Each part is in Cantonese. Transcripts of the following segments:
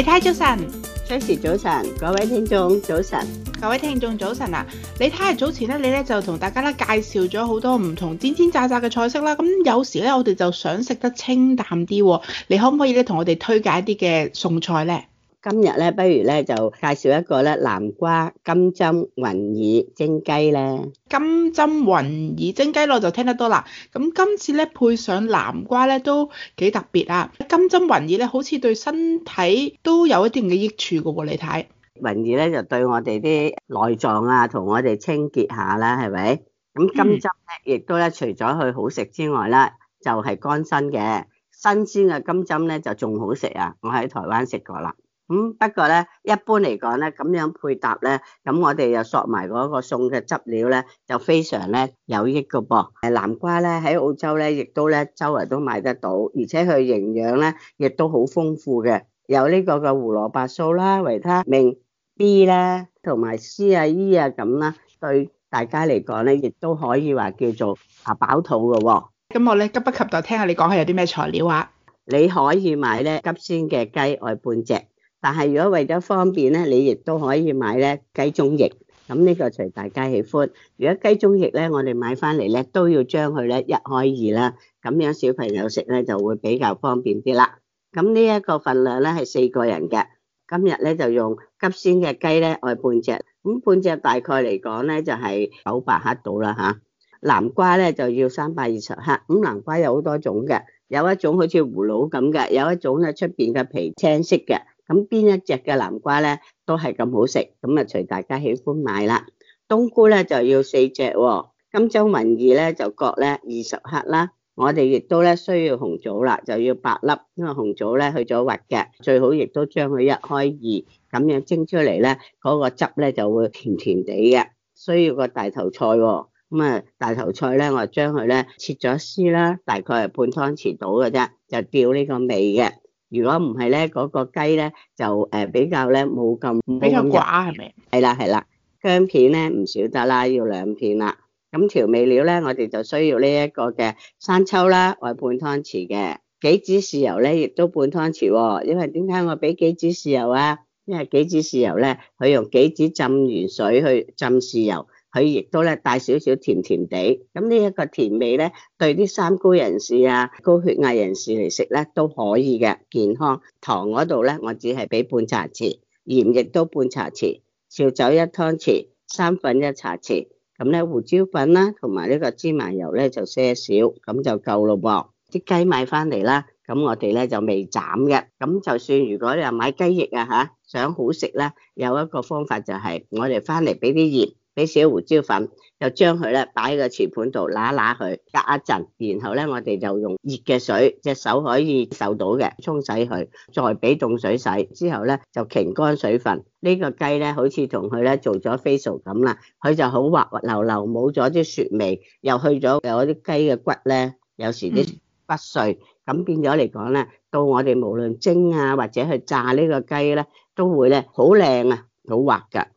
你睇早晨，周 Sir 早晨，各位聽眾早晨，各位聽眾早晨啊！你睇下早前咧，你咧就同大家咧介紹咗好多唔同煎煎炸炸嘅菜式啦。咁有時咧，我哋就想食得清淡啲，哦，你可唔可以咧同我哋推介一啲嘅餸菜咧？今日咧，不如咧就介紹一個咧南瓜金針雲耳蒸雞咧。金針雲耳蒸雞咯，我就聽得多啦。咁今次咧配上南瓜咧都幾特別啊！金針雲耳咧好似對身體都有一定嘅益處嘅喎，你睇雲耳咧就對我哋啲內臟啊同我哋清潔下啦，係咪？咁金針咧亦都咧除咗佢好食之外咧，就係乾身嘅新鮮嘅金針咧就仲好食啊！我喺台灣食過啦。咁不過咧，一般嚟講咧，咁樣配搭咧，咁我哋又索埋嗰個餸嘅汁料咧，就非常咧有益噶噃。誒，南瓜咧喺澳洲咧，亦都咧周圍都買得到，而且佢營養咧亦都好豐富嘅，有呢個嘅胡蘿蔔素啦，維他命 B 咧，同埋 C 啊、E 啊咁啦，對大家嚟講咧，亦都可以話叫做啊飽肚噶噃。咁我咧急不及待聽下你講下有啲咩材料啊？你可以買咧急鮮嘅雞外半隻。但係如果為咗方便咧，你亦都可以買咧雞中翼。咁呢個隨大家喜歡。如果雞中翼咧，我哋買翻嚟咧都要將佢咧一開二啦，咁樣小朋友食咧就會比較方便啲啦。咁呢一個份量咧係四個人嘅。今日咧就用急鮮嘅雞咧，外半隻。咁半隻大概嚟講咧就係九百克到啦嚇。南瓜咧就要三百二十克。咁南瓜有好多種嘅，有一種好似葫蘆咁嘅，有一種咧出邊嘅皮青色嘅。咁邊一隻嘅南瓜呢都係咁好食，咁啊隨大家喜歡買啦。冬菇呢就要四隻。哦，金針雲耳呢就各呢二十克啦。我哋亦都呢需要紅棗啦，就要八粒，因為紅棗呢去咗核嘅，最好亦都將佢一開二，咁樣蒸出嚟呢，嗰、嗰個汁呢就會甜甜地嘅。需要個大頭菜。哦，咁啊大頭菜呢，我就將佢呢切咗絲啦，大概係半湯匙到嘅啫，就吊呢個味嘅。如果唔係咧，嗰、那個雞咧就誒比較咧冇咁，比較寡係咪？係啦係啦，薑片咧唔少得啦，要兩片啦。咁調味料咧，我哋就需要呢一個嘅生抽啦，我係半湯匙嘅杞子豉油咧，亦都半湯匙、哦。因為點解我俾杞子豉油啊？因為杞子豉油咧，佢用杞子浸完水去浸豉油。佢亦都咧帶少少甜甜地，咁呢一個甜味呢，對啲三高人士啊、高血壓人士嚟食呢都可以嘅健康糖嗰度呢，我只係俾半茶匙鹽，亦都半茶匙，紹酒一湯匙，生粉一茶匙，咁呢胡椒粉啦、啊，同埋呢個芝麻油呢，就些少，咁就夠咯噃。啲雞買翻嚟啦，咁我哋呢就未斬嘅，咁就算如果你話買雞翼啊吓、啊、想好食呢，有一個方法就係我哋翻嚟俾啲鹽。俾少胡椒粉，就將佢咧擺喺個瓷盤度揦揦佢，隔一陣，然後咧我哋就用熱嘅水，隻手可以受到嘅沖洗佢，再俾凍水洗，之後咧就擎乾水分。呢個雞咧，好似同佢咧做咗 facial 咁啦，佢就好滑滑溜溜，冇咗啲雪味，又去咗有啲雞嘅骨咧，有時啲骨碎，咁變咗嚟講咧，到我哋無論蒸啊或者去炸呢個雞咧，都會咧好靚啊，好滑噶～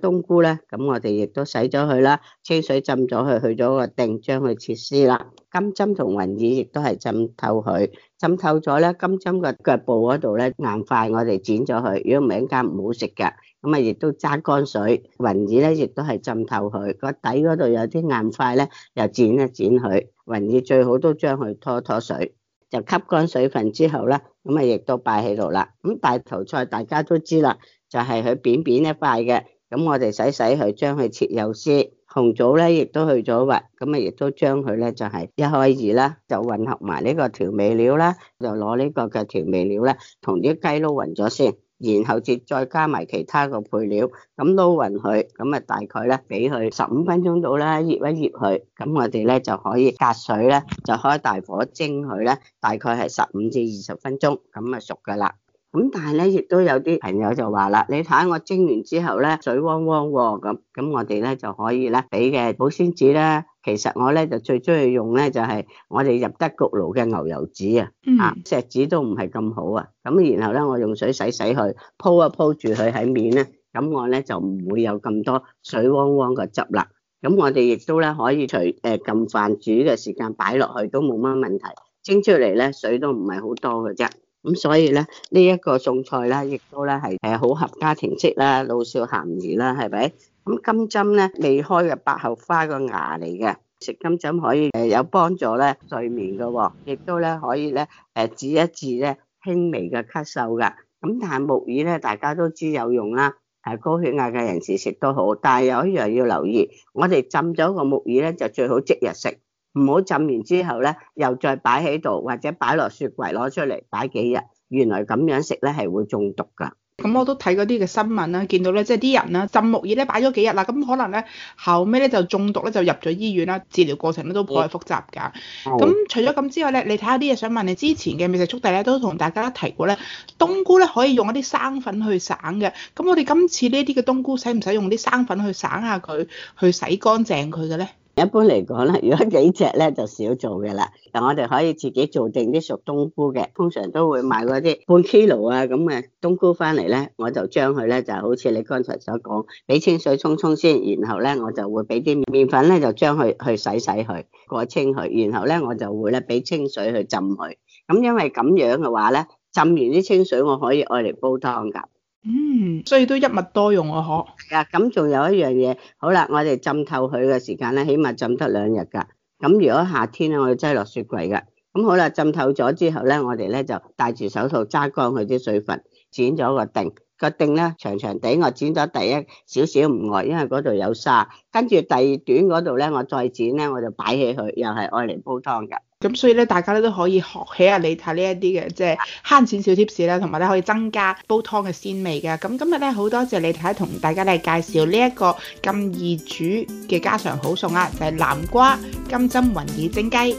冬菇咧，咁我哋亦都洗咗佢啦，清水浸咗佢，去咗個定，將佢切絲啦。金針同雲耳亦都係浸透佢，浸透咗咧，金針個腳部嗰度咧硬塊，我哋剪咗佢，如果唔係一間唔好食噶。咁啊，亦都揸乾水，雲耳咧亦都係浸透佢，個底嗰度有啲硬塊咧，又剪一剪佢。雲耳最好都將佢拖拖水，就吸乾水分之後咧，咁啊，亦都擺喺度啦。咁大頭菜大家都知啦，就係佢扁扁一塊嘅。咁我哋洗洗佢，將佢切幼絲，紅棗咧亦都去咗核，咁啊亦都將佢咧就係一開二啦，就混合埋呢個調味料啦，就攞呢個嘅調味料咧同啲雞撈勻咗先，然後至再加埋其他個配料，咁撈勻佢，咁啊大概咧俾佢十五分鐘到啦，醃一醃佢，咁我哋咧就可以隔水咧就開大火蒸佢咧，大概係十五至二十分鐘，咁啊熟噶啦。咁但係咧，亦都有啲朋友就話啦，你睇我蒸完之後咧，水汪汪喎咁。咁我哋咧就可以咧俾嘅保鮮紙咧，其實我咧就最中意用咧就係我哋入得焗爐嘅牛油紙啊。啊，錫紙都唔係咁好啊。咁然後咧，我用水洗洗佢，鋪一鋪住佢喺面咧，咁我咧就唔會有咁多水汪汪嘅汁啦。咁我哋亦都咧可以隨誒撳飯煮嘅時間擺落去都冇乜問題。蒸出嚟咧水都唔係好多嘅啫。咁所以咧，這個、呢一個種菜啦，亦都咧係誒好合家庭式啦，老少咸宜啦，係咪？咁金針咧未開嘅百合花個芽嚟嘅，食金針可以誒有幫助咧睡眠嘅。哦，亦都咧可以咧誒止一止咧輕微嘅咳嗽噶。咁但係木耳咧，大家都知有用啦，係高血壓嘅人士食都好，但係有一樣要留意，我哋浸咗個木耳咧就最好即日食。唔好浸完之後咧，又再擺喺度或者擺落雪櫃攞出嚟，擺幾日，原來咁樣食咧係會中毒噶。咁我都睇過啲嘅新聞啦，見到咧即係啲人啦，浸木耳咧擺咗幾日啦，咁可能咧後尾咧就中毒咧就入咗醫院啦，治療過程咧都頗為複雜噶。咁、哦、除咗咁之外咧，你睇下啲嘢想問你，之前嘅美食速遞咧都同大家提過咧，冬菇咧可以用一啲生粉去省嘅。咁我哋今次呢啲嘅冬菇使唔使用啲生粉去省下佢，去洗乾淨佢嘅咧？一般嚟講咧，如果幾隻咧就少做嘅啦。但我哋可以自己做定啲熟冬菇嘅，通常都會買嗰啲半 kilo 啊咁嘅冬菇翻嚟咧，我就將佢咧就好似你剛才所講，俾清水沖沖先，然後咧我就會俾啲麵粉咧就將佢去洗洗佢過清佢，然後咧我就會咧俾清水去浸佢。咁、嗯、因為咁樣嘅話咧，浸完啲清水我可以愛嚟煲湯噶。嗯，所以都一物多用啊，可係啊。咁仲有一樣嘢，好啦，我哋浸透佢嘅時間咧，起碼浸得兩日噶。咁如果夏天咧，我要擠落雪櫃噶。咁好啦，浸透咗之後咧，我哋咧就戴住手套揸乾佢啲水分，剪咗個頂個頂咧長長地。我剪咗第一少少唔愛，因為嗰度有沙。跟住第二段嗰度咧，我再剪咧，我就擺起佢，又係愛嚟煲湯噶。咁所以咧，大家咧都可以學起啊！李太呢一啲嘅，即係慳錢小貼士啦，同埋咧可以增加煲湯嘅鮮味嘅。咁今日咧好多謝李太同大家嚟介紹呢一個咁易煮嘅家常好餸啊，就係、是、南瓜金針雲耳蒸雞。